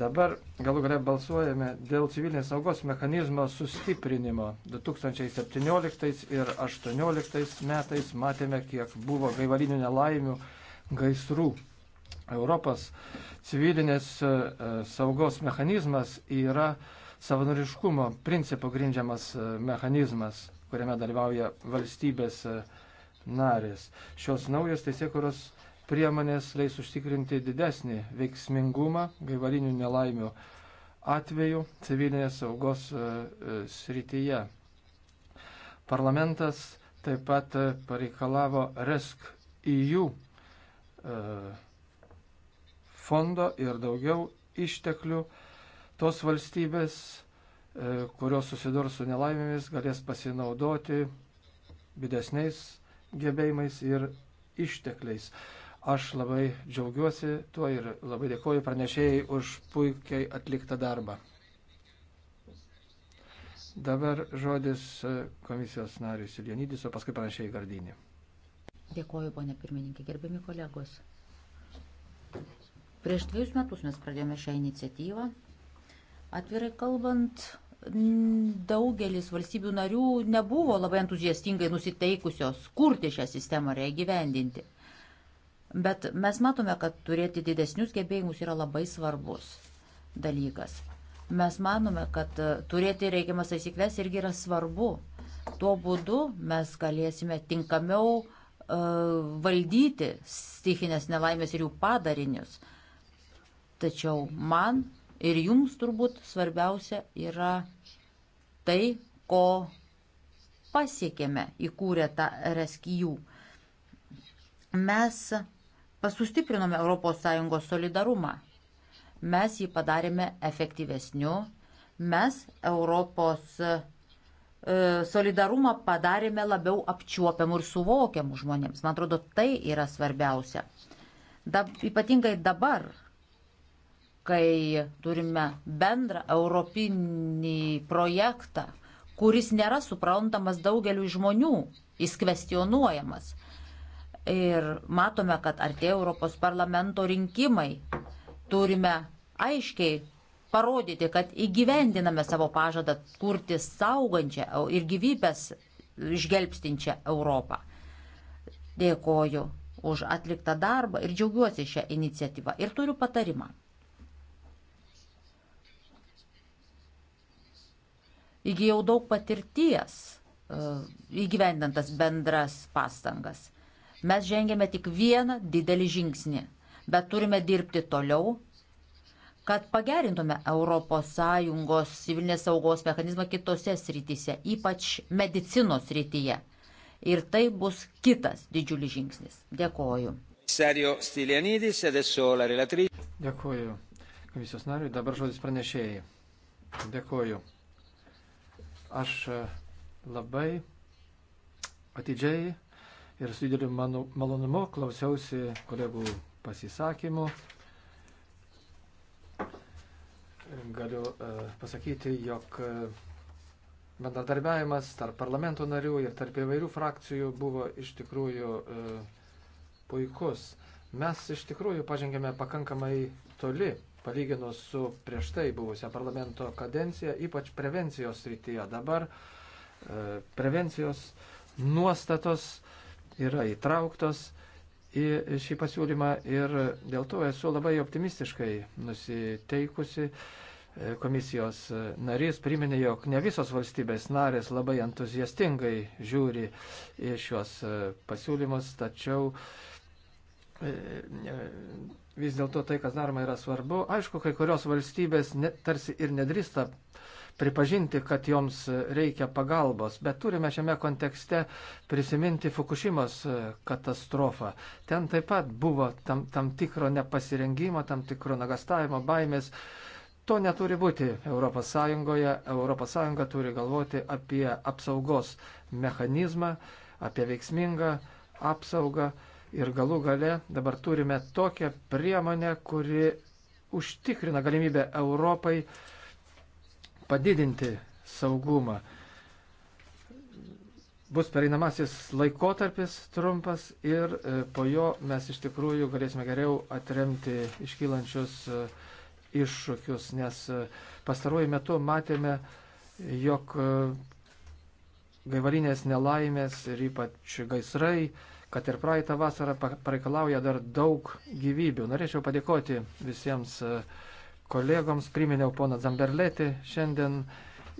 Dabar galų galę balsuojame dėl civilinės saugos mechanizmo sustiprinimo. 2017 ir 2018 metais matėme, kiek buvo gaivalinių nelaimių, gaisrų. Europos civilinės e, saugos mechanizmas yra savanoriškumo principų grindžiamas e, mechanizmas, kuriame dalyvauja valstybės e, narės. Šios naujos teisėkuros priemonės leis užtikrinti didesnį veiksmingumą gaivalinių nelaimių atveju civilinės saugos e, e, srityje. Parlamentas taip pat e, pareikalavo RESC EU fondo ir daugiau išteklių tos valstybės, kurios susidurs su nelaimėmis, galės pasinaudoti didesniais gebėjimais ir ištekliais. Aš labai džiaugiuosi tuo ir labai dėkoju pranešėjai už puikiai atliktą darbą. Dabar žodis komisijos nariui Silionydis, o paskui pranešėjai Gardinį. Dėkoju, ponė pirmininkė, gerbiami kolegos. Prieš dviejus metus mes pradėjome šią iniciatyvą. Atvirai kalbant, daugelis valstybių narių nebuvo labai entuziastingai nusiteikusios kurti šią sistemą ir ją gyvendinti. Bet mes matome, kad turėti didesnius gebėjimus yra labai svarbus dalykas. Mes manome, kad e, turėti reikiamas taisyklės irgi yra svarbu. Tuo būdu mes galėsime tinkamiau uh, valdyti stichinės nelaimės ir jų padarinius. Tačiau man ir jums turbūt svarbiausia yra tai, ko pasiekėme įkūrę tą reskijų. Mes uh, Sustiprinome ES solidarumą. Mes jį padarėme efektyvesniu. Mes Europos e, solidarumą padarėme labiau apčiuopiamų ir suvokiamų žmonėms. Man atrodo, tai yra svarbiausia. Da, ypatingai dabar, kai turime bendrą europinį projektą, kuris nėra suprantamas daugeliu žmonių, jis kvestionuojamas. Ir matome, kad artėja Europos parlamento rinkimai. Turime aiškiai parodyti, kad įgyvendiname savo pažadą kurti saugančią ir gyvybės išgelbstinčią Europą. Dėkoju už atliktą darbą ir džiaugiuosi šią iniciatyvą. Ir turiu patarimą. Įgyjau daug patirties e, įgyvendintas bendras pastangas. Mes žengėme tik vieną didelį žingsnį, bet turime dirbti toliau, kad pagerintume ES civilinės saugos mechanizmą kitose srityse, ypač medicinos srityje. Ir tai bus kitas didžiulis žingsnis. Dėkoju. Dėkoju komisijos nariui, dabar žodis pranešėjai. Dėkoju. Aš e, labai atidžiai ir su dideliu malonumu klausiausi kolegų pasisakymų. Galiu e, pasakyti, jog e, bendradarbiavimas tarp parlamento narių ir tarp įvairių frakcijų buvo iš tikrųjų e, puikus. Mes iš tikrųjų pažengėme pakankamai toli palyginus su prieš tai buvusią parlamento kadenciją, ypač prevencijos srityje. Dabar e, prevencijos nuostatos yra įtrauktos į šį pasiūlymą ir dėl to esu labai optimistiškai nusiteikusi. Komisijos narys priminė, jog ne visos valstybės narės labai entuziastingai žiūri į šios pasiūlymus, tačiau e, e, vis dėlto tai, kas daroma, yra svarbu. Aišku, kai kurios valstybės ne, tarsi ir nedrįsta pripažinti, kad joms reikia pagalbos, bet turime šiame kontekste prisiminti Fukushimos katastrofą. Ten taip pat buvo tam, tam tikro nepasirengimo, tam tikro nagastavimo, baimės. To neturi būti ES. ES turi galvoti apie apsaugos mechanizmą, apie veiksmingą apsaugą ir galų gale dabar turime tokią priemonę, kuri užtikrina galimybę Europai uh, padidinti saugumą. Bus pereinamasis laikotarpis trumpas ir e, po jo mes iš tikrųjų galėsime geriau atremti iškylančius e, iššūkius, nes e, pastaruoju metu matėme, jog gaivalinės nelaimės ir ypač gaisrai, kad ir praeitą vasarą pareikalauja dar daug gyvybių. Norėčiau padėkoti visiems uh, kolegoms, priminiau poną Zamberletį šiandien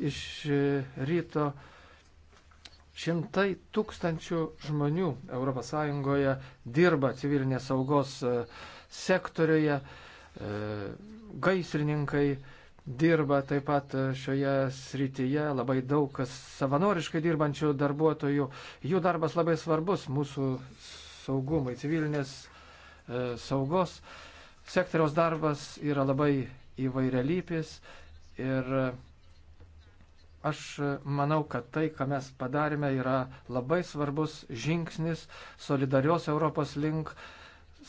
iš ryto. Šimtai tūkstančių žmonių ES dirba civilinės saugos e, sektoriuje, e, gaisrininkai dirba taip pat šioje srityje, labai daug kas savanoriškai dirbančių darbuotojų. Jų darbas labai svarbus mūsų saugumui, civilinės e, saugos sektoriaus darbas yra labai įvairialypis ir aš manau, kad tai, ką mes padarėme, yra labai svarbus žingsnis solidarios Europos link,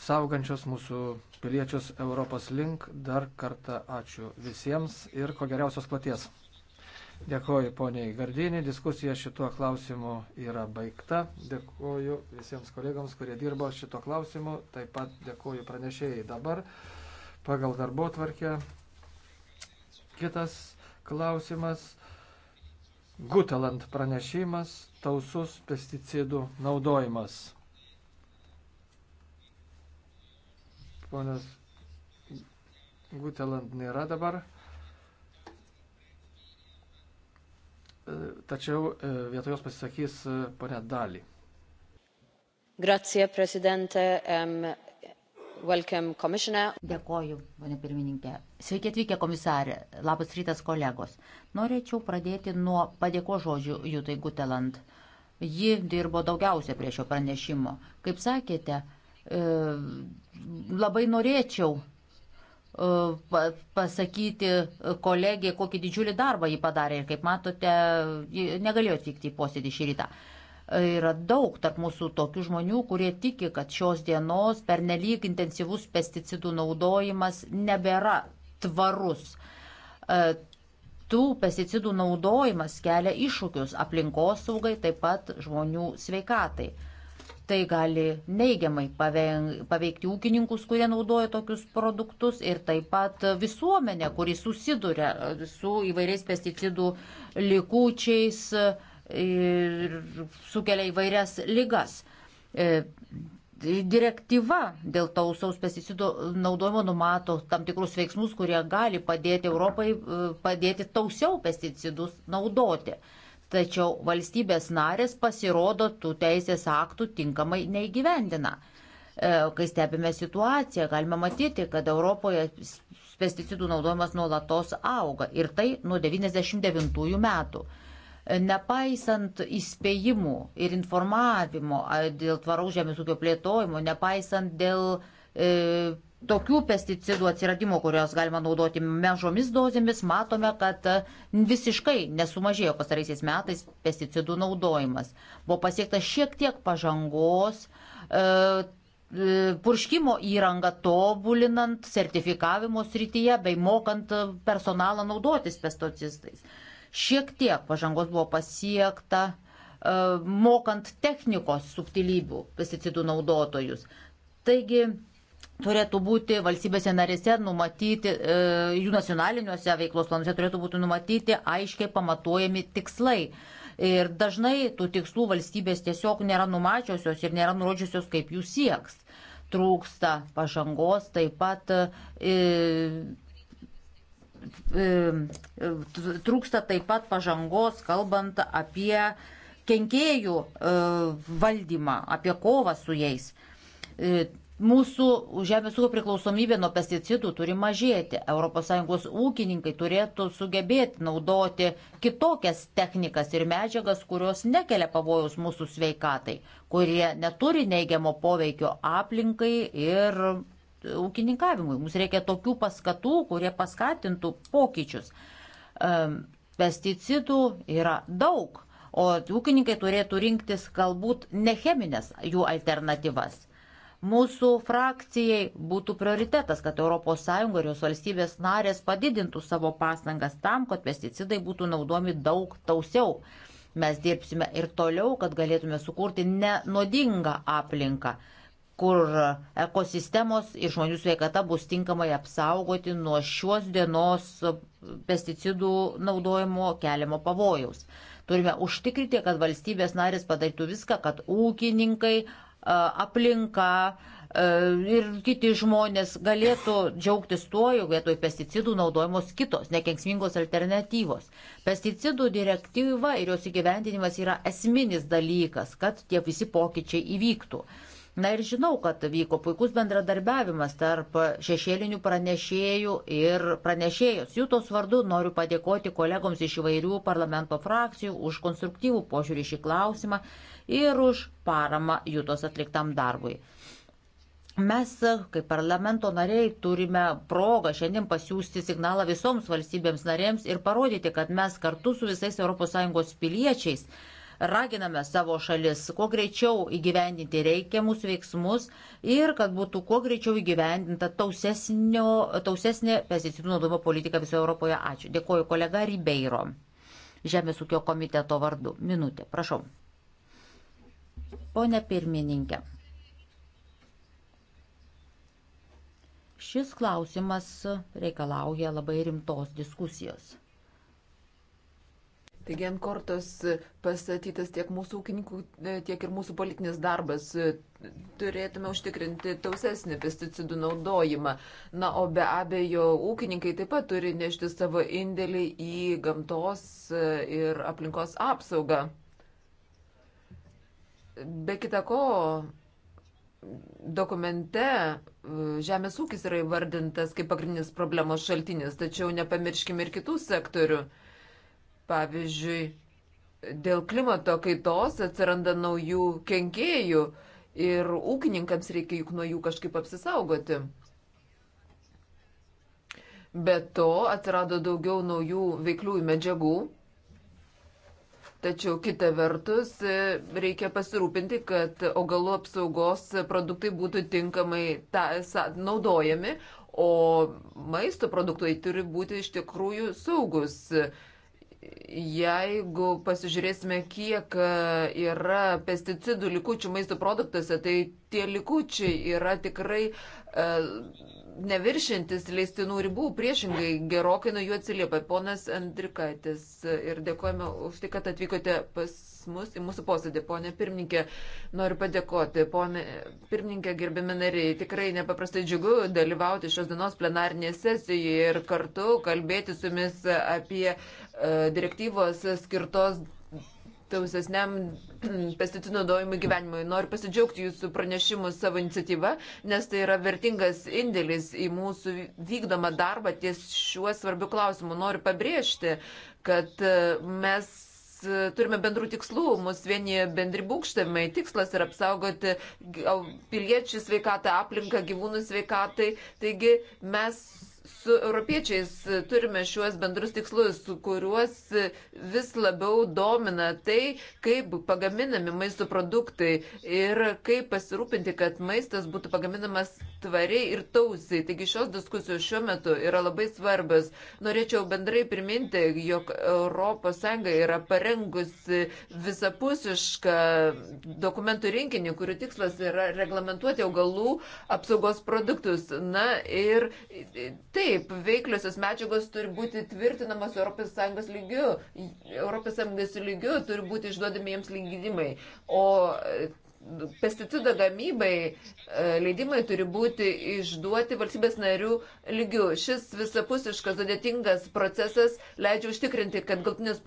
saugančios mūsų piliečius Europos link. Dar kartą ačiū visiems ir ko geriausios platies. Dėkoju poniai Gardinį, diskusija šituo klausimu yra baigta. Dėkoju visiems kolegams, kurie dirbo šituo klausimu, taip pat dėkoju pranešėjai dabar pagal darbo tvarkę. Kitas klausimas. Gutelant pranešimas, tausus pesticidų naudojimas. Ponas Gutelant nėra dabar. tačiau e, vietoj jos pasisakys e, ponia Dali. Grazie, prezidente. Um, welcome, commissioner. Dėkoju, ponia pirmininkė. Sveiki atvykę, komisarė. Labas rytas, kolegos. Norėčiau pradėti nuo padėko žodžių Jutai Guteland. Ji dirbo daugiausia prie šio pranešimo. Kaip sakėte, e, labai norėčiau E, pasakyti e, kolegiją, kokį didžiulį darbą jį padarė ir kaip matote, negalėjo atvykti į posėdį šį rytą. E, yra daug tarp mūsų tokių žmonių, kurie tiki, kad šios dienos pernelyg intensyvus pesticidų naudojimas nebėra tvarus. Tų pesticidų naudojimas kelia iššūkius aplinkos saugai, taip pat žmonių sveikatai. Tai gali neigiamai paveikti ūkininkus, kurie naudoja tokius produktus ir taip pat visuomenę, kuri susiduria e, su įvairiais pesticidų likučiais e, ir sukelia įvairias lygas e, direktyva dėl tausaus pesticidų naudojimo numato tam tikrus veiksmus, kurie gali padėti Europai padėti tausiau pesticidus naudoti tačiau valstybės narės pasirodo tų teisės aktų tinkamai neįgyvendina. E, kai stebime situaciją, galime matyti, kad Europoje pesticidų naudojimas nuolatos auga ir tai nuo 99 metų. E, nepaisant įspėjimų ir informavimo dėl tvaraus žemės ūkio plėtojimo, nepaisant dėl e, tokių pesticidų atsiradimo, kurios galima naudoti mažomis dozėmis, matome, kad e, visiškai nesumažėjo pastaraisiais metais pesticidų naudojimas. Buvo pasiekta šiek tiek pažangos. E, e Purškimo įrangą tobulinant, sertifikavimo srityje bei mokant e, personalą naudotis pesticidais. Šiek tiek pažangos buvo pasiekta e, mokant technikos subtilybių pesticidų naudotojus. Taigi turėtų būti valstybėse narėse numatyti, e, jų nacionaliniuose veiklos planuose turėtų būti numatyti aiškiai pamatuojami tikslai. Ir dažnai tų tikslų valstybės tiesiog nėra numačiosios ir nėra nurodžiusios, kaip jų sieks. Trūksta pažangos, taip pat e, e, trūksta taip pat pažangos, kalbant apie kenkėjų valdymą, apie kovą su jais. Mūsų žemės ūkio priklausomybė nuo pesticidų turi mažėti. ES ūkininkai turėtų sugebėti naudoti kitokias technikas ir medžiagas, kurios nekelia pavojaus mūsų sveikatai, kurie neturi neigiamo poveikio aplinkai ir ūkininkavimui. Mums reikia tokių paskatų, kurie paskatintų pokyčius. Pesticidų yra daug, o ūkininkai turėtų rinktis galbūt necheminės jų alternatyvas Mūsų frakcijai būtų prioritetas, kad ES ir jos valstybės narės padidintų savo pastangas tam, kad pesticidai būtų naudomi daug tausiau. Mes dirbsime ir toliau, kad galėtume sukurti nenodingą aplinką, kur ekosistemos ir žmonių sveikata bus tinkamai apsaugoti nuo šios dienos pesticidų naudojimo keliamo pavojaus. Turime užtikrinti, kad valstybės narės padarytų viską, kad ūkininkai, E, aplinka e, ir kiti žmonės galėtų džiaugtis tuo, jog vietoj pesticidų naudojamos kitos nekenksmingos alternatyvos. Pesticidų direktyva ir jos įgyvendinimas yra esminis dalykas, kad tie visi pokyčiai įvyktų. Na ir žinau, kad vyko puikus bendradarbiavimas tarp šešėlinių pranešėjų ir pranešėjos. Jų tos vardu noriu padėkoti kolegoms iš įvairių parlamento frakcijų už konstruktyvų požiūrį šį klausimą ir už paramą Jutos atliktam darbui. Mes, kaip parlamento nariai, turime progą šiandien pasiūsti signalą visoms valstybėms narėms ir parodyti, kad mes kartu su visais ES piliečiais raginame savo šalis kuo greičiau įgyvendinti reikiamus veiksmus ir kad būtų kuo greičiau įgyvendinta tausesnė pesticidų naudojimo politika visoje Europoje. Ačiū. Dėkuoju kolega Ribeiro. Žemės ūkio komiteto vardu. Minutė. Prašau. Pone pirmininkė, šis klausimas reikalauja labai rimtos diskusijos. Taigi ant kortos pastatytas tiek mūsų ūkininkų, e, tiek ir mūsų politinis darbas. Turėtume užtikrinti tausesnį pesticidų naudojimą. Na, o be abejo, ūkininkai taip pat turi nešti savo indėlį į gamtos e, ir aplinkos apsaugą. Be kita ko, dokumente e, žemės ūkis yra įvardintas kaip pagrindinis problemos šaltinis, tačiau nepamirškime ir kitų sektorių. Pavyzdžiui, dėl klimato kaitos atsiranda naujų kenkėjų ir ūkininkams reikia juk nuo jų kažkaip apsisaugoti. Be to atsirado daugiau naujų veikliųjų medžiagų, Tačiau kita vertus e, reikia pasirūpinti, kad augalų apsaugos produktai būtų tinkamai ta, sa, naudojami, o maisto produktai turi būti iš tikrųjų saugus. Jeigu pasižiūrėsime, kiek e, yra pesticidų likučių maisto produktuose, tai tie likučiai yra tikrai e, neviršintis leistinų ribų, priešingai gerokai nuo jų atsiliepia. Ponas Andrikaitis ir dėkojame už tai, kad atvykote pas mus į mūsų posėdį. Pone pirmininkė, noriu padėkoti. Pone pirmininkė, gerbiami nariai, tikrai nepaprastai džiugu dalyvauti šios dienos plenarnėje sesijoje ir kartu kalbėti su jumis apie uh, direktyvos skirtos tausesniam mm, pesticidų naudojimui gyvenimui. Noriu pasidžiaugti jūsų pranešimu savo iniciatyva, nes tai yra vertingas indėlis į mūsų vykdomą darbą ties šiuo svarbiu klausimu. Noriu pabrėžti, kad e, mes e, turime bendrų tikslų, mus vienyje bendri būkštavimai. Tikslas yra apsaugoti piliečių sveikatą, aplinką, gyvūnų sveikatai. Taigi mes su europiečiais turime šiuos bendrus tikslus, kuriuos vis labiau domina tai, kaip pagaminami maisto produktai ir kaip pasirūpinti, kad maistas būtų pagaminamas tvariai ir tausiai. Taigi šios diskusijos šiuo metu yra labai svarbios. Norėčiau bendrai priminti, jog ES yra parengusi visapusišką dokumentų rinkinį, kurių tikslas yra reglamentuoti augalų apsaugos produktus. Na ir Taip, veikliosios medžiagos turi būti tvirtinamos ES lygiu, ES lygiu turi būti išduodami jiems leidimai, o pesticidų gamybai e, leidimai turi būti išduoti valstybės narių lygių. Šis visapusiškas, sudėtingas procesas leidžia užtikrinti, kad galtinis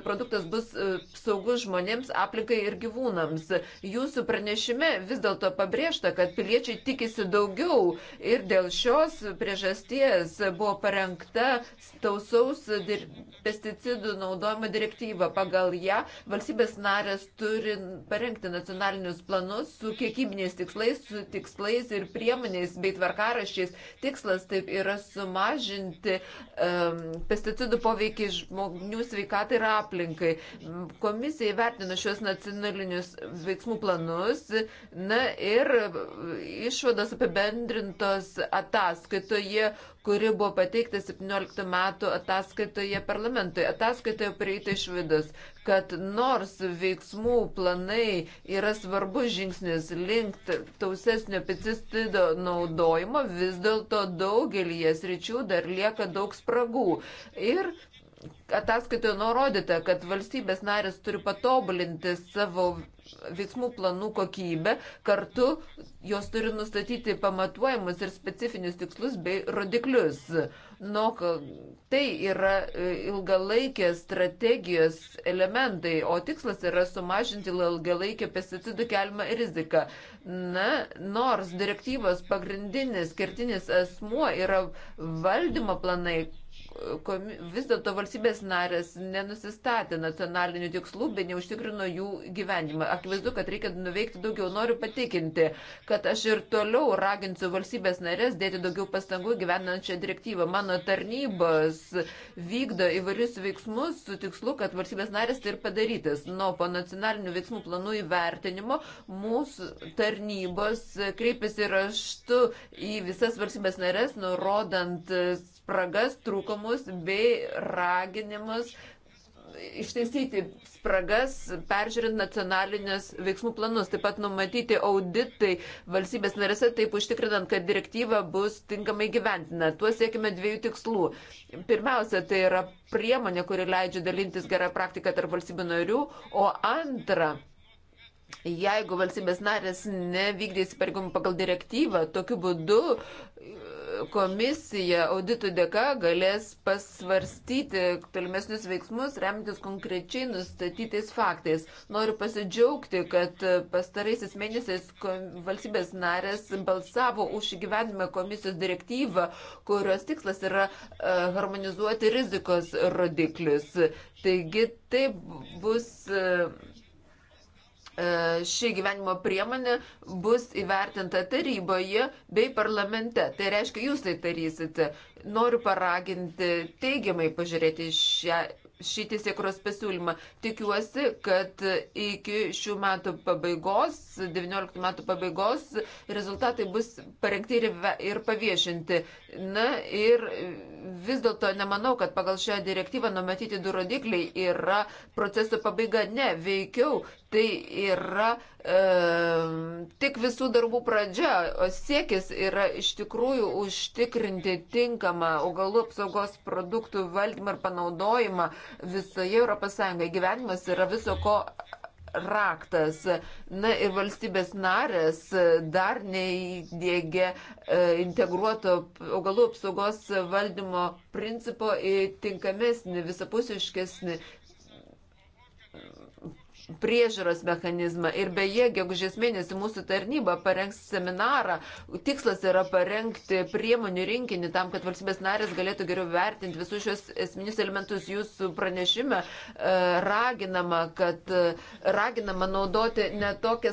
produktas bus e, saugus žmonėms, aplinkai ir gyvūnams. Jūsų pranešime vis dėlto pabrėžta, kad piliečiai tikisi daugiau ir dėl šios priežasties buvo parengta tausaus pesticidų naudojimo direktyva. Pagal ją valstybės narės turi parengti nacionalinius planus su kiekybiniais tikslais, su tikslais ir priemonės bei tvarkaraščiais. Tikslas taip yra sumažinti um, pesticidų poveikį žmonių sveikatai ir aplinkai. Komisija įvertino šios nacionalinius veiksmų planus na, ir išvados apibendrintos ataskaitoje, kuri buvo pateikta 17 metų ataskaitoje parlamentui. Ataskaitoje prieita išvidas, kad nors veiksmų planai yra svarbus žingsnis link tausesnio pesticido naudojimo, vis dėlto daugelį sričių dar lieka daug spragų. Ir ataskaitoje nurodyta, kad valstybės narės turi patobulinti savo veiksmų planų kokybę, kartu jos turi nustatyti pamatuojamus ir specifinius tikslus bei rodiklius. Nu, tai yra e, ilgalaikės strategijos elementai, o tikslas yra sumažinti ilgalaikę pesticidų keliamą riziką. Na, nors direktyvos pagrindinis kertinis asmuo yra valdymo planai, vis dėlto valstybės narės nenusistatė nacionalinių tikslų, bet neužtikrino jų gyvenimą. Akivaizdu, kad reikia nuveikti daugiau. Noriu patikinti, kad aš ir toliau raginsiu valstybės narės dėti daugiau pastangų gyvenant šią direktyvą. Mano tarnybos vykdo įvairius veiksmus su tikslu, kad valstybės narės tai ir padarytis. Nuo po nacionalinių veiksmų planų įvertinimo mūsų tarnybos kreipiasi raštu į visas valstybės narės, nurodant spragas, trūkumus bei raginimus ištaisyti spragas, peržiūrint nacionalinius veiksmų planus, taip pat numatyti auditai valstybės narėse, taip užtikrinant, kad direktyva bus tinkamai gyventina. Tuo siekime dviejų tikslų. Pirmiausia, tai yra priemonė, kuri leidžia dalintis gerą praktiką tarp valstybių narių, o antra. Jeigu valstybės narės nevykdys įsipareigomų pagal direktyvą, tokiu būdu komisija auditų dėka galės pasvarstyti tolimesnius veiksmus, remtis konkrečiai nustatytais faktais. Noriu pasidžiaugti, kad pastaraisiais mėnesiais valstybės narės balsavo už įgyvenimą komisijos direktyvą, kurios tikslas yra e, harmonizuoti rizikos rodiklius. Taigi taip bus e, E, ši gyvenimo priemonė bus įvertinta taryboje bei parlamente. Tai reiškia, jūs tai darysite. Noriu paraginti teigiamai pažiūrėti šią. Šį tiesiekros pasiūlymą tikiuosi, kad iki šių metų pabaigos, 19 metų pabaigos, rezultatai bus parengti ir, ir paviešinti. Na ir vis dėlto nemanau, kad pagal šią direktyvą numatyti du rodikliai yra proceso pabaiga. Ne, veikiau tai yra e, tik visų darbų pradžia, o siekis yra iš tikrųjų užtikrinti tinkamą augalų apsaugos produktų valdymą ir panaudojimą visoje ES. Gyvenimas yra viso ko raktas. Na ir valstybės narės dar neįdėgė e, integruoto augalų apsaugos valdymo principo į tinkamesnį, visapusiškesnį priežiūros mechanizmą. Ir beje, gegužės mėnesį mūsų tarnyba parengs seminarą. Tikslas yra parengti priemonių rinkinį tam, kad valstybės narės galėtų geriau vertinti visus šios esminius elementus. Jūsų pranešime e, raginama, kad e, raginama naudoti netokią